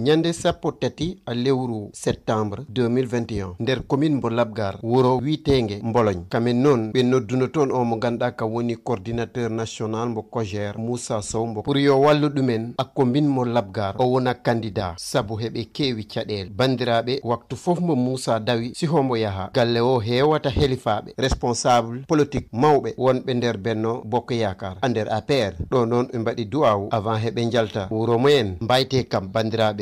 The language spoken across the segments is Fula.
ñande sappo tati a lewru septembre 2021 nder commune mbo labgar wuro witenge mbologne kamen noon ɓe nodduno toon o mo ganduɗa ka woni coordinateur national mbo cogére moussa sow mbo pour yo wallu ɗumen a commune mbo labgar o wona candidat saabu heɓe keewi caɗele bandiraɓe waktu fof mbo moussa dawi sihombo yaaha galle o heewata helifaɓe responsable politique mawɓe wonɓe nder benno bokko yakar a nder apr ɗo noon ɓe mbaɗi duwaw avant heɓe jalta wuro mumen mbayte kam bandiraɓe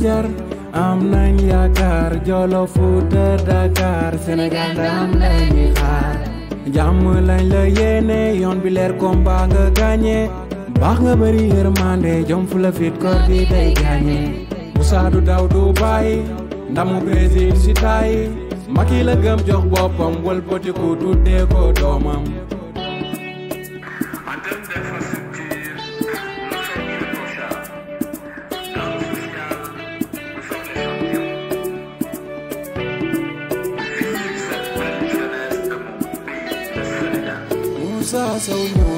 Kajoor am nañ yaakaar Jolof Fuuta Sénégal ndam la ñuy xaar lañ la yéene yoon bi leer combat nga gagné baax nga bëri yërmande jom fu la fit kor di day gagné Moussa du du bàyyi ndamu Brésil si taay Macky gëm jox boppam wëlbatiku tuddee ko doomam Eu oh no.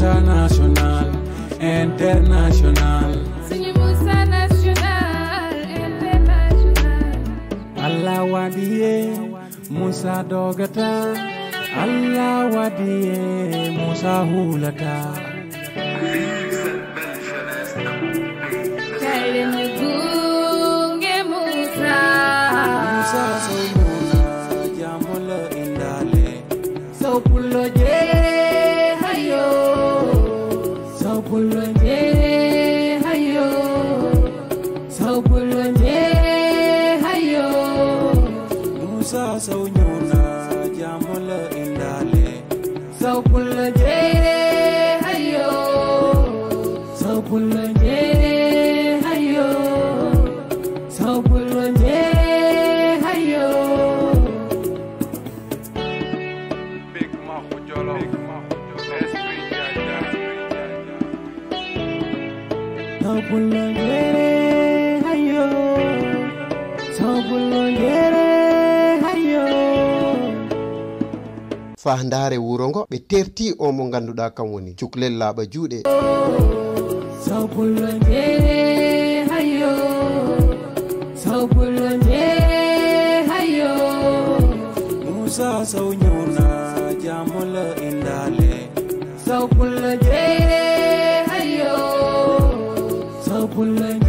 Musa International Musa International Allah wadiye Musa dogata Allah wadiye Musa hulata fa ndaare wuro ngo ɓe terti o mo ngannduɗa kam woni cuklel laaɓa juuɗe sawpullo ndeere hayo sawpullo ndeere hayo musa saw ñawna jamola e ndaale sawpullo ndeere hayo sawpullo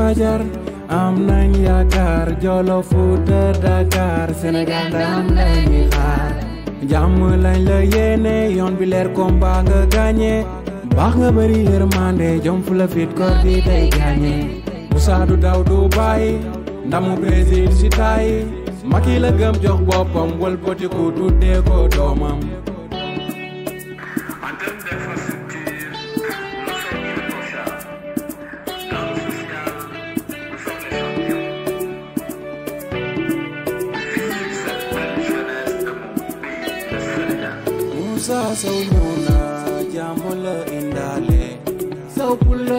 fajar am nañ yaakaar Jolof Fuuta Dakar Sénégal daan lañuy xaar jàmm lañ la yéene yoon bi leer combat nga gagné baax nga bëri yërmande jom fu la fit kor di day gagné Moussa du daw ndamu Brésil si taay Macky gëm jox boppam wëlbatiku tuddee ko doomam sasa unyona jambo la indale saupulo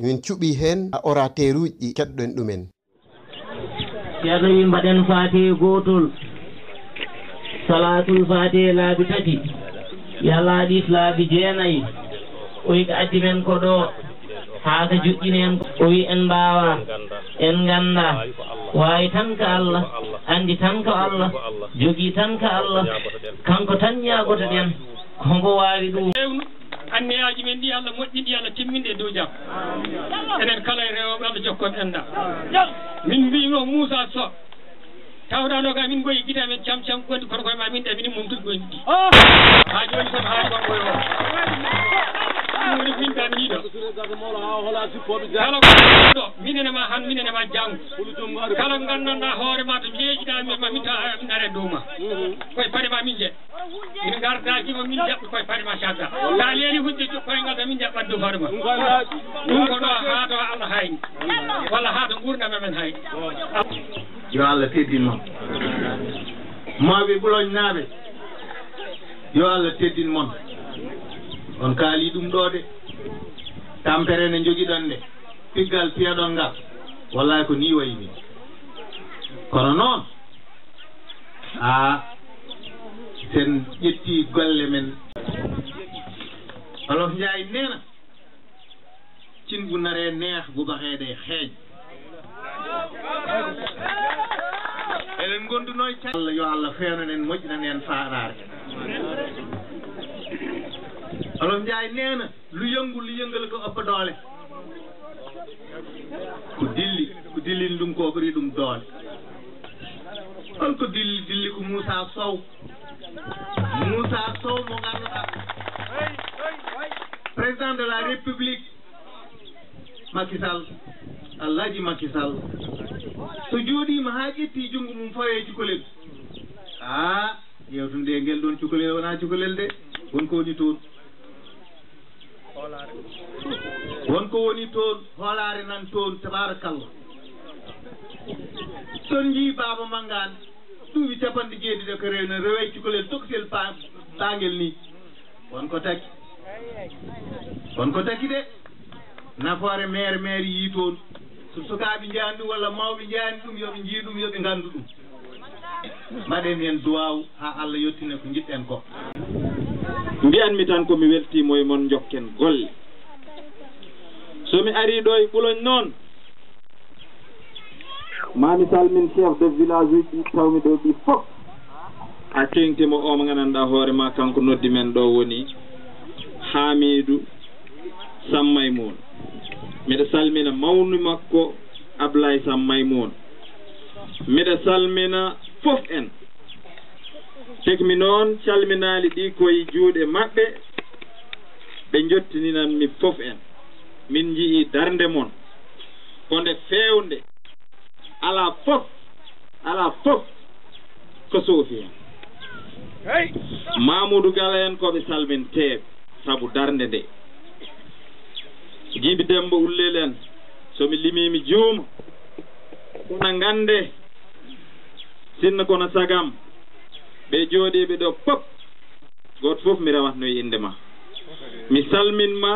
min cuɓi hen orateur uji keɗɗen ɗumen ceerno wi mbaɗen faati gootol salatul faati laabi tati yalaaɗis laabi jeenayi o wi ko addi men ko ɗo haa ko juɗɗinien o wi en mbaawa en ngannda waawi tan ko allah anndi tan ko allah jogii tan ko allah kanko tan ñaagoto ɗen ko ngo waawi ɗum anniyaji men ɗi allah moƴƴiɗi allah timminde e dow jaam enen kala e rewoɓe allah jokkon enɗa min mbino moussa so tawɗano ka min goyi guita men cam cam gonɗi kono koye ma min ɗe mini mumtude gonɗi ɗi ah. ha joni kono haali gon koye o ɗum woni ko min mbiyami ɗiɗo kala ɗo minene ma han minene ma janggo kala gandanɗa hoore ma to jeeyiɗa min ma min tawa min are ma mhm. koye paɗe ma min jeeɗa ina gardakima min jaɓɓi koye fare machalla sa leeni hunde jokkoyngal ta min jaɓɓaddu farema ɗum ko ɗo haato allah hayni walla haato gurdama men hay yo allah teddinmo mawɓe ɓuloñ naaɓe yo allah teddin moon on kaali ɗum ɗo de tampere ne joguiɗon nde piggal piyaɗon ngal wallay ko ni wayimi kono noon a ah. sen ƴetti golle men alof njaay neena cingu nare neex gugaheede xeeñ eɗen gonndunoy ca allah yo allah feenanen moƴnanen faaɗaare alof njaay neena lu yëngu lu yëngal ko ëpp doole ko dilli ko dillin ɗum koo ko ri ɗum doole holko dilli dilli ko moussa sow moussa sow mo ngannduɗa président de la république makisal allaji makisal so jooɗima ha ƴetti junngo mum fawe e cukalel a yewtunde e ngel ɗon cukalel wona cukalel de wonko woni toon wonko woni toon hoolaare nan toon tabarakallah son jii baaba maggane ɗuuɓi capanɗe jeeɗiɗo ko rewne rewe cukalel tokosel paangel ni won ko taki won ko taki de nafoore maire maire yii toon so sukaaɓe njaani ɗum walla mawɓe njaani ɗum yoɓe njii ɗum yoɓe nganndu ɗum mbaɗen heen duwaw haa allah yettine ko njiɗɗen ko mbiyanmi tan ko mi weltiimo e mon jokken golle so mi arii ɗo e ɓuloñ noon mami salmin chef de village uji ɗi tawmi ɗo ɗi fof a tengtimo omo gandanɗa hoorema kanko noddi men ɗo woni hamidou sammaymoun mbiɗa salmina mawnu makko ablaye sammaymoun mbiɗa salmina fof en tekmi noon calminali ɗi koye juuɗe maɓɓe ɓe jottininanmi fof en min jii darde moon kode fewnde alaa fof alaa fof ko soofi hen mamoudou gala en koɓe salminteɓe saabu darde nde jiibi dembo ullel en somi limimi jooma kono gande sinno kono sagam ɓe jooɗiɓe ɗo pop goto foof mi rewatnoyi e inde ma mi salminma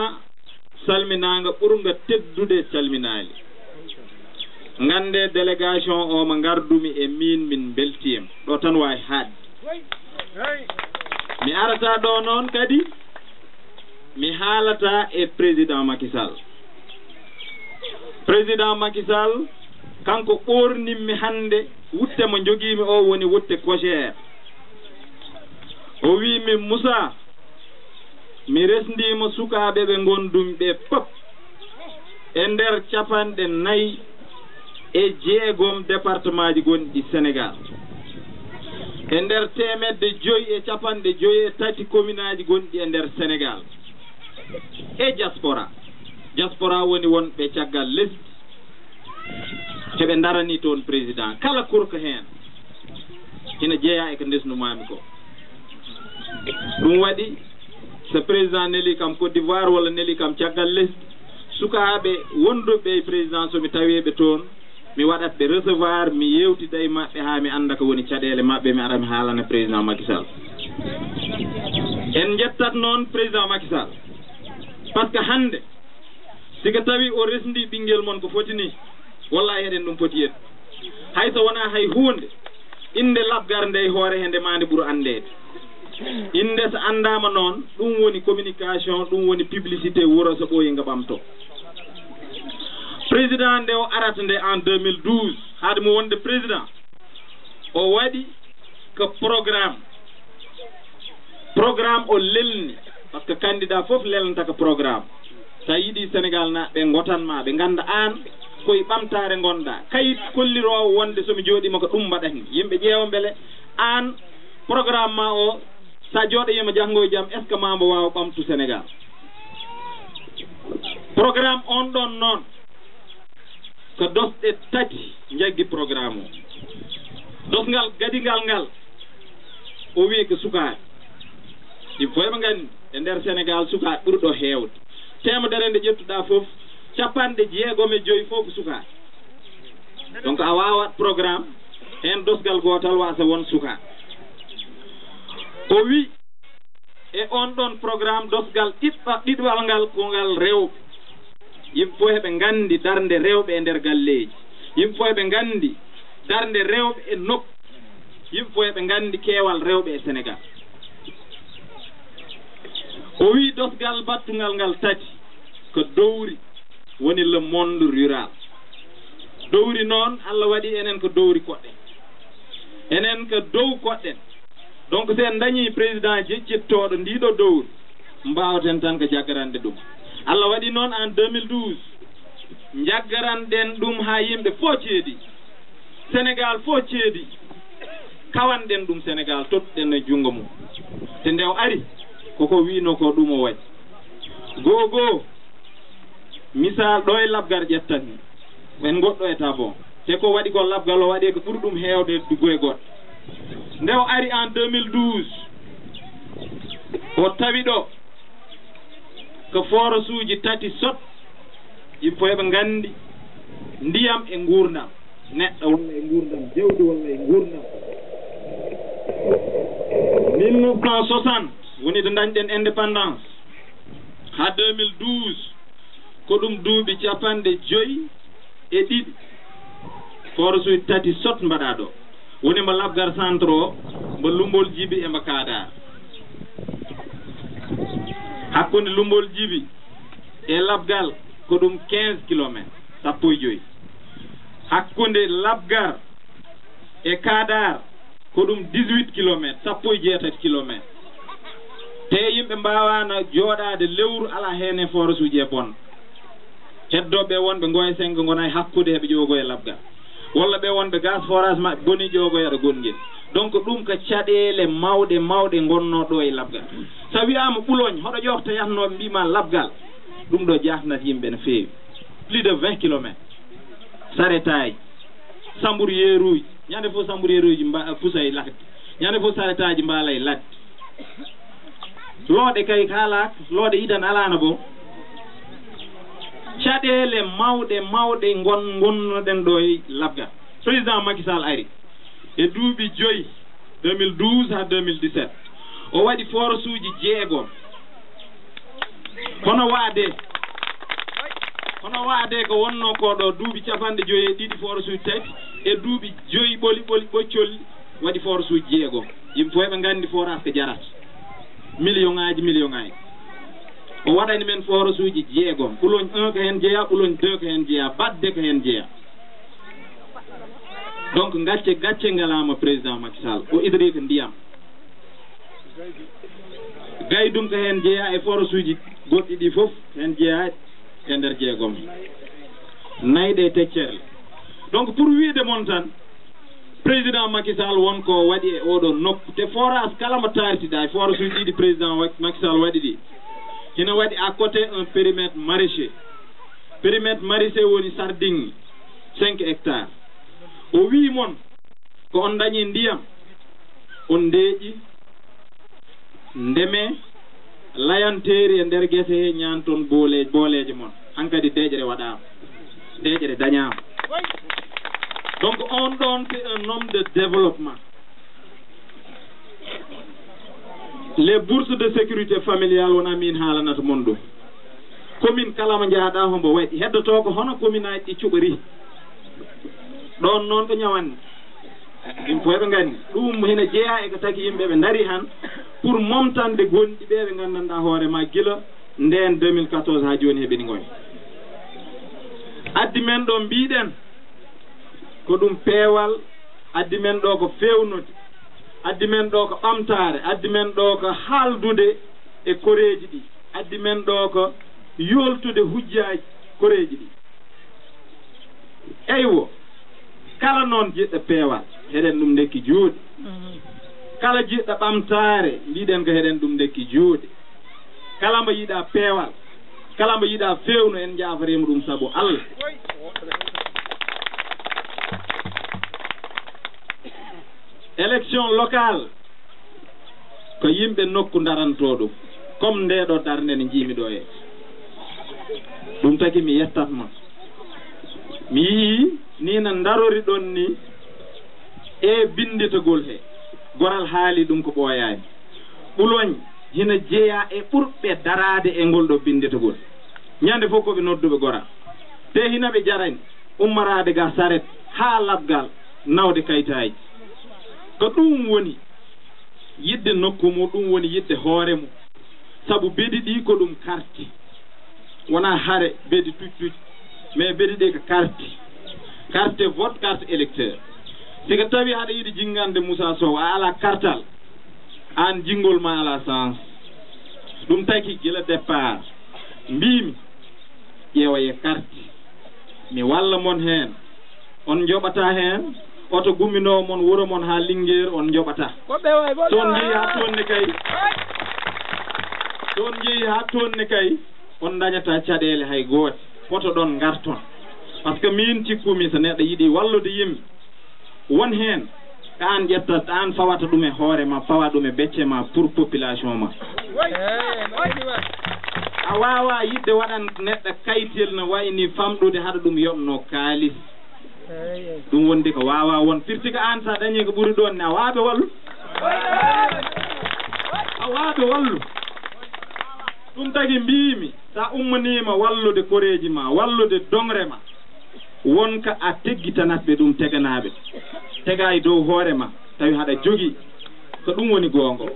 salminaga ɓurga teddude salminali gande délégation o mo gardumi e min min beltiyam ɗo tan wawi haadde mi arata ɗo noon kadi mi haalata e président makisall président makisall kanko ɓornimmi hannde wutte mo jogimi o woni wutte cogére o wimi moussa mi resdima sukaɓe ɓe gondumi ɓe pop e nder capanɗe nayyi e jeegom département ji gonɗi sénégal e nder temedde joyi e capanɗe joyi e tati commune aji gonɗi e nder sénégal e diaspora diaspora woni wonɓe caggal lesdi heɓe darani toon président kala kurka heen ina jeeya e ko ndesnumami ko ɗum waɗi so président neli kam côte d'ivoire walla neli kam caggal lesdi sukaaɓe wonduɓe e président somi taweɓe toon mi waɗat ɓe recevoir mi yewtida e maɓɓe haa mi annda ko woni caɗeele maɓɓe mi ara mi haalana président makisal en njettat noon président makisal par ce que hannde siko tawi o resndi ɓinngel mon ko foti ni wallahi heɗen ɗum foti yeed hay so wonaa hay huunde innde labgar nde e hoore he nde maa nde ɓuro anndeede innde so anndaama noon ɗum woni communication ɗum woni publicité wuro so ɓooyi nga ɓamtoo président nde o arata nde en 2012 haademo wonde président o waɗi ko programme programme o lelni par ce que candidat fof lelnata ko programme sa yiiɗi sénégal naɓe gotanma ɓe ganda an koye ɓamtare gonɗa kayit kollirowo wonde somi jooɗima ko ɗum mbaɗa hen yimɓe ƴeewa beele an programme ma o sa jooɗo yima jahngo e jaam est ce que mambo wawa ɓamtu sénégal programme on ɗon noon ko dosɗe tati jaggi programme o dosngal gadingal ngal o wiye ko sukaaɓe ɗi foy ɓe nganndi e ndeer sénégal sukaaɓe ɓurɗo heewde teemedere nde ƴettuɗaa fof capanɗe jeegom e joyi fof ko sukaaɓe donc a waawat programme heen dosgal gootal waasa won sukaaɓe ko wi e on ɗon programme dosgal ɗiɗɗa ɗiɗwal ngal ko ngal rewɓe yimɓe fof heɓe nganndi darnde rewɓe e ndeer galleeji yimɓe fof heɓe nganndi darnde rewɓe e nokku yimɓe fof heɓe nganndi keewal rewɓe e sénégal o wii dosgal battungal ngal tati ko dowri woni le monde rural dowri noon allah waɗi enen ko dowri koɗɗen enen ko dow koɗɗen donc so en dañii président jeccittooɗo ndii ɗo dowri mbaawaten tan ko jaggarande ɗum allah waɗi noon en 2012 jaggaranɗen ɗum ha yimɓe fo ceeɗi sénégal fo ceeɗi kawanɗen ɗum sénégal totɗen e junngo mum te nde o ari koko wino ko ɗum o waɗi goo goo misal ɗo e labgal ƴettat ni en goɗɗo e tabon te ko waɗi ko labgal o waɗi ko ɓuri ɗum heewde goye goɗɗo nde o ari en 2012 o tawi ɗo ko force uji tati sot il faut eɓe gandi ndiyam e gurdam neɗɗo walla e gurdam jewdi walla e gurdam mille neuf cent soixante woni to dañɗen indépendance ha deux mille douze ko ɗum duuɓi capanɗe joyi e ɗiɗi force uji tati sot mbaɗa ɗo woni mbo labgar centre o mbo lumbol jibi e mbo kaadar hakkunde lumbol jibi e labgal ko ɗum quinze kilométre sappo e joyi hakkunde labgar e kadar ko ɗum dix huit kilométre sappo e jeetati kilométre te yimɓe mbawano jooɗade lewru ala hen e forage uji e bonna heddoɓe wonɓe goye sengo gona e hakkude heɓe ƴogo e labgal walla ɓe wonɓe gas forage maɓe goni ƴogoyaɗo gonngel donc ɗum ko caɗele mawɗe mawɗe gonno ɗo e labgal so wiyama ɓuloñ hoɗo ƴofta yatnoɓe mbima labgal ɗum ɗo jahnat yimɓe no fewi plus de vingt kilomètre saretaji samburyeruji ñande fof samburyeruji mba pusa e ladde ñande fof saretaji mbaala e ladde looɗe kay kalak looɗe idan alano boo caɗeele mawɗe mawɗe gon gonnoɗen ɗo e labgal président makisal ari e duuɓi joyi 2012 haa 2017 o waɗi force uji jeegom kono waade kono waade ko wonno koɗo duuɓi capanɗe joyi e ɗiɗi force uji tati e duuɓi joyi ɓoli ɓoli ɓoccolli waɗi force uji jeegom yimɓe fof ɓe nganndi forage ko jarata million ŋaaji million ŋaaji o waɗani men foros uji jeegom kuloñ un ko hen jeeya kuloñ deux ko hen jeeya badde ko hen jeeya donc gacce gacce ngalama président makisall o idrii ko ndiyam gaydum ko hen jeeya e foros uji goɗɗi ɗi fof hen jeeya e nder jeegom nayɗe teccerle donc pour wiide moon tan président makisall wonko waɗi e oɗo nokku te foras kala mo taritiɗa e foros uji ɗiɗi président makisall waɗi ɗi kene waɗi à côté un périmètre maraicher périmètre maraicher woni sardinŋi cinq hectares o wii moon ko on dañi ndiyam on ndeeƴi ndemee layanteeri e ndeer gese hee ñaan toon boole booleeje moon han kadi deeƴere waɗaama deeƴere dañaama donc on ɗoon c' est un nome de développement les bourses de sécurité familial wona min haalanata mon ɗum commune kala mo jaaɗa hombo waɗi heddoto ko hono commune aji ɗi cuɓori ɗon noon ɗo ñawande ɗum fo eɓe nganndi ɗum hene jeeya e ko taki yimɓe ɓe ndari han pour momtande gonɗi ɓe ɓe nganndanɗa hoore ma gila ndeen 2014 haa jooni heɓeni ngoy addi men ɗo mbiɗen ko ɗum peewal addi men ɗo ko fewnude addi men ɗo ko ɓamtare addi men ɗo ko haaldude e koreeji ɗi addi men ɗo ko yoltude hujjaaji koreeji ɗi eywo kala noon jiɗɗo peewal heɗen ɗum ndekki juuɗe kala jiɗɗo ɓamtaare mbiɗen ko heɗen ɗum ndekki juuɗe kala mbo yiɗa peewal kala mbo yiɗa fewnu en jaafariima ɗum sabu allah élection local ko yimɓe nokku daranto ɗum comme ndeɗo darde nde jiimi ɗo e ɗum tagi mi yettatma mi yii ni no darori ɗon ni e binditagol he goral haali ɗum ko ɓooyaani ɓuloñ hina jeeya e ɓurɓe daraade e ngol ɗo binditagol ñande fof koɓe nodduɓe goral te hina ɓe jarani ummoraade ga saret haa laɓgal nawde kaytaaji ko ɗum woni yidde nokku mum ɗum woni yidde hoore mum sabu beɗi ɗi ko ɗum karti wona hare beɗi tuccuji mais beɗi ɗi ko karti carte vote carte électeur siko tawi haɗa yiɗi jinggande moussa sow a ala kartal an jinngol ma ala sens ɗum taki gila départ mbimi ƴeewa ye carte mi walla mon heen on joɓata heen oto gumminoo mon wuro mon haa linngeer on joɓata toon njeyi haa toonne kay toon njeyi haa toonne kay on dañataa caɗeele hay gooti foto ɗon ngarton par ce que miin cikkumi so neɗɗo yiɗii wallude yimɓe won heen ko aan ƴetta aan fawata ɗum e hoore ma fawa ɗum e becce ma pour population ma a waawaa yiɗde waɗan neɗɗo kaytel no wayi ni famɗude haɗa ɗum yoɓnoo kaalis ɗum wondi ko wawa won firti ko an sa dañi ko ɓuri ɗon ni a waaɓe wallu a waaɓe wallu ɗum tagi mbimi sa ummanima wallude koreji ma wallude dongre ma wonka a teggitanatɓe ɗum teganaɓe tega e dow hoore ma tawi haɗa jogi ko ɗum woni gongo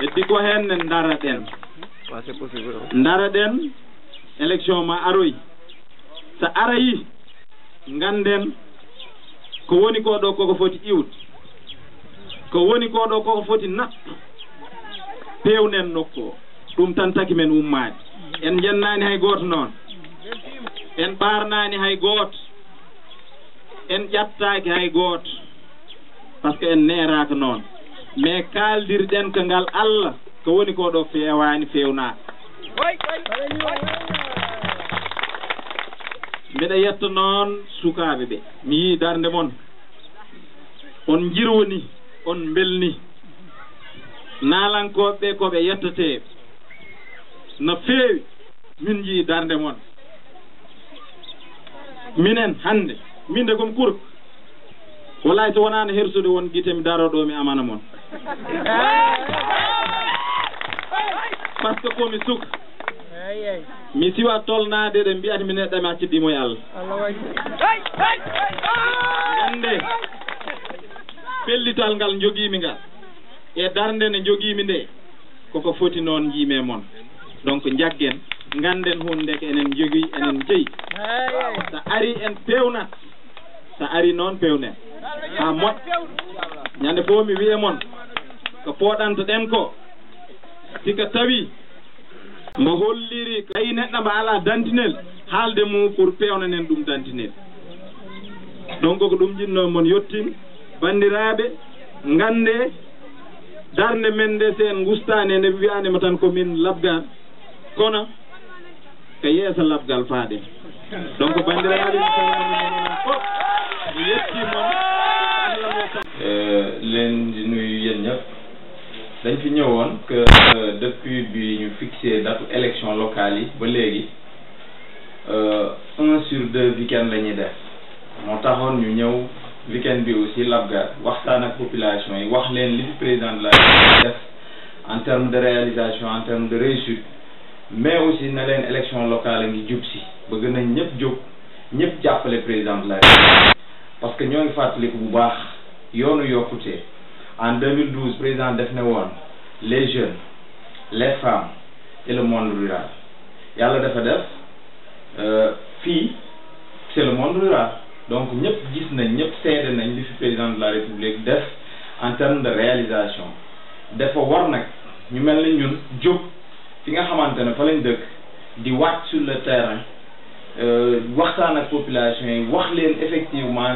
heddi ko henne dara ɗen dara ɗen élection ma aroyi sa arayi ngannden ko woni ko ɗo koko foti iwde ko woni ko ɗo koko foti naɓɓu peewnen nokku o ɗum tan taki men ummaade en njennaani hay gooto noon en ɓaarnaani hay gooto en ƴattaaki hay gooto par ce que en neeraaka noon mais kaaldirɗen ko ngal allah ko woni ko ɗo feewaani feewnaaka mbiɗa yetto noon sukaaɓe ɓe mi yii darnde mon on njirwoni on mbelni naalankoɓe ɓe koɓe yettote no feewi min njii darnde mon minen hannde minde kom kur walay to wonaano hersude won gite mi daro ɗo mi amana moon par ce que komi suka eyeyi mi siwa tolnaade ɗe mbiyata mi neɗɗo mi accidimo e allah ande pellital ngal jogiimi ngal e darnde nde jogiimi nde koko foti noon yiime moon donc jaggen ngannden hunde nde ko enen jogii enen jeyi so ari en pewnat so ari noon pewnen haa moƴ ñannde fof mi wiye moon ko pooɗanto ɗen ko si ko tawii mo holliri ayi neɗɗo mba ala dandinel haalde mum pour pewnanen ɗum dandinel ɗon koko ɗum jinno mon yettin bandiraɓe gande darde men nde se en gustani ene wiyanima tan komin labgal kono ko e yeesa labgal faaɗen donc bandiraɓe e yettimo eh, lendinuyu yeñat dañ fi ñëwoon que euh, depuis bi ñu fixé datu élection locale yi ba léegi euh, un sur deux week-end la ñuy def moo taxoon ñu ñëw week bi aussi Labgar waxtaan ak population yi wax leen li président de la def en terme de réalisation en terme de réussite mais aussi na leen élection locale a ngi jub si bëgg nañ ñëpp jóg ñëpp jàppale président de parce que ñoo ngi fàttaliku bu baax yoonu yokkutee en 2012 président def ne les jeunes les femmes et le monde rural Et defa def euh, Fille, c'est le monde rural donc nous gis dit que président de la république def en termes de réalisation Defa war nous ñu dit que ñun fi nga sur le terrain euh, population effectivement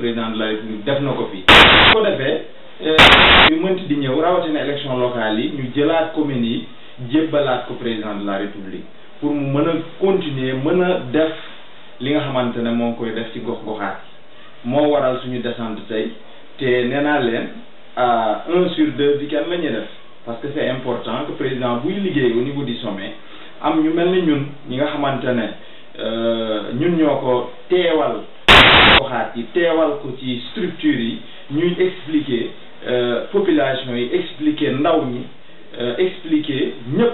président de la république def ko Euh, yu mënti di ñëw rawatina élection locale yi ñu jëlaat communes yi jébbalaat ko président de la république pour mu mën a continuer mën a def li nga xamante ne moo koy def ci gox-goxaat moo waral suñu descente tey te nee naa leen à un sur deux bi kenn la ñuy def parce que c'est important que président buy liggéey au niveau du sommet am ñu mel ni ñun ñi nga xamante ne euh, ñun ñoo ko teewal goxaat yi teewal ko ci structure yi ñuy expliquer population yi expliquer ndaw ñi euh, expliquer ñep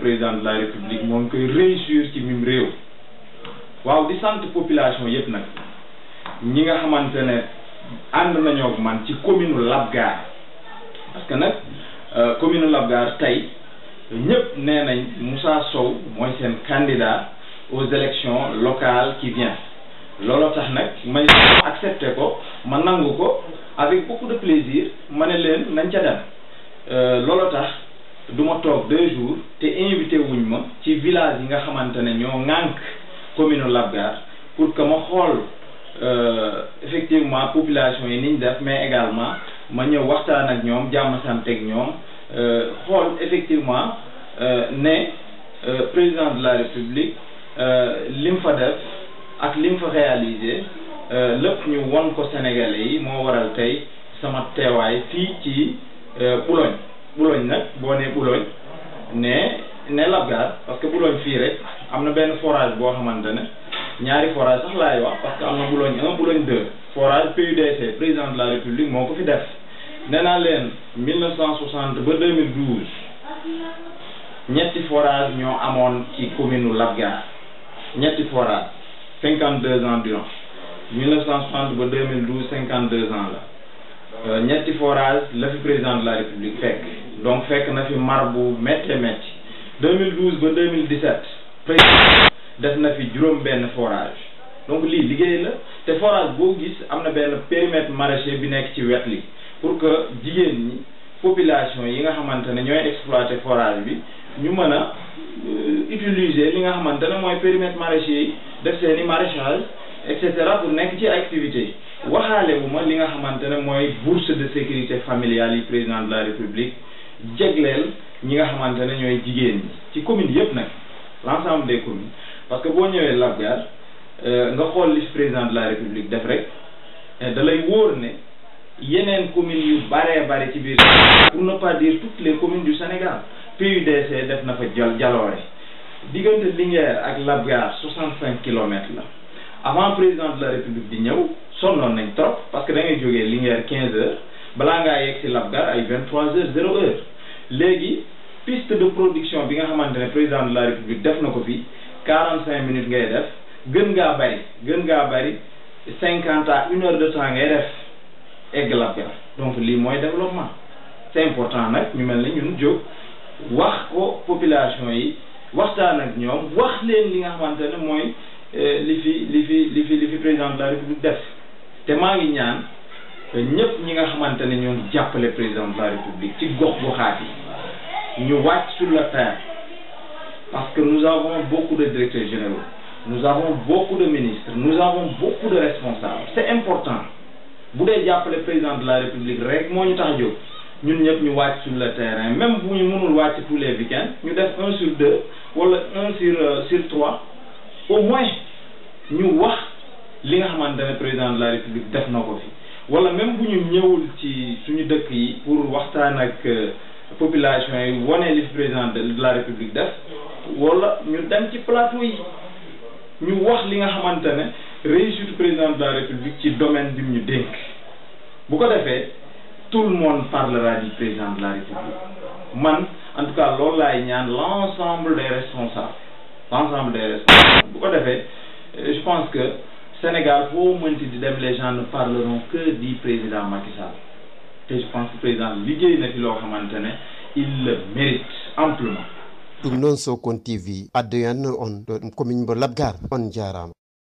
président de la république mon réussir ci mim réew waaw di population ñi nga man ci commune Labgar parce que nag euh, commune Labgar Moussa candidat aux élections locales qui viennent loolu tax nag may accepté ko avec beaucoup de plaisir ma ne lolota de euh, deux jours te invité wuñ ma ci village yi nga pour que je euh, effectivement population yi niñ mais également ma ñëw waxtaan ak ñoom euh, effectivement né président de la république li mu fa def Euh, lépp ñu won ko Sénégalais yi moo waral tey sama teewaay fii ci euh, Boulogne Boulogne nag boo nee Boulogne ne ne Labgar parce que Boulogne fii rek am na benn forage boo xamante ne ñaari forage sax laay wax parce que am na Boulogne un Boulogne deux forage PUDC président de la République moo ko fi def nee naa leen 1960 ba 2012 ñetti forage ñoo amoon ci commune Labgar ñetti forage 52 ans durant 1960 ba 2012 52 ans là. Euh, ñetti forage la président de la république Fek. donc Fek na fi mar bu metti 2012 ba 2017 président def na fi juroom ben forage donc li liggéey la té forage bougies, gis amna ben périmètre maraîcher bi ci li pour que la ni population yi nga xamante ñoy exploiter forage bi ñu mëna euh, utiliser li nga moy permettre périmètre maraîcher def maraîchage et cetera pour nekk ci activité yi waxaale wu ma li nga xamante ne mooy bourse de sécurité familiale yi président de la république jegleel ñi nga xamante ne ñooy jigéen ñi ci commune yëpp nag l'ensemble des communes parce que boo ñëwee Labgar euh, nga xool li président de la république def rek euh, dalay lay wóor ne yeneen communes yu baree bari ci biir pour ne pas dire toutes les communes du Sénégal PUDC def na fa jal jaloore diggante Linguère ak Labgar soixante cinq kilomètres la avant le président de la république di son nom nañ trop parce que da il est à 15 heures balanga ngaa est Labgar ay 23 heures 0 h la piste de production bi nga le président de la république def 45 minutes ngay def gën ngaa bari 50 à 1 h de temps ngay def egg Labgar donc lii le développement c'est important mais ñu nous, nous ñun jóg wax population yi waxtaan ak ñoom wax leen li nga euh, li li fi li fi li fi président de la république def té ma ngi ñaan ñepp ñi nga xamante ñoo ngi président de la république ci gox goxaat xati ñu wacc sur le terrain parce que nous avons beaucoup de directeurs généraux nous avons beaucoup de ministres nous avons beaucoup de responsables c'est important bu dee jàppale président de la république rek moo ñu tax jox ñun ñepp ñu wacc sur le terrain même bu ñu mënul wacc tous les week-ends ñu def 1 sur 2 wala 1 sur euh, sur 3 au moins nous wax li nga président de la république def nako fi wala même bu ñu ñëwul ci suñu dëkk yi pour waxtaan ak euh, population yi woné li président de la république def wala ñu dem ci plateau yi ñu wax li nga président de la république ci domaine bi ñu dénk bu ko tout le monde parlera du président de la république man en tout cas l'ensemble des responsables l'ensemble des responsables bu ko euh, je pense que Sénégal pour mënti les gens ne parleront que du président Macky Sall Et je pense que président liggéey na fi loo il le mérite amplement ɗum noon sokon tv addoyanno on ɗo euh, ɗum komin mbo labgar on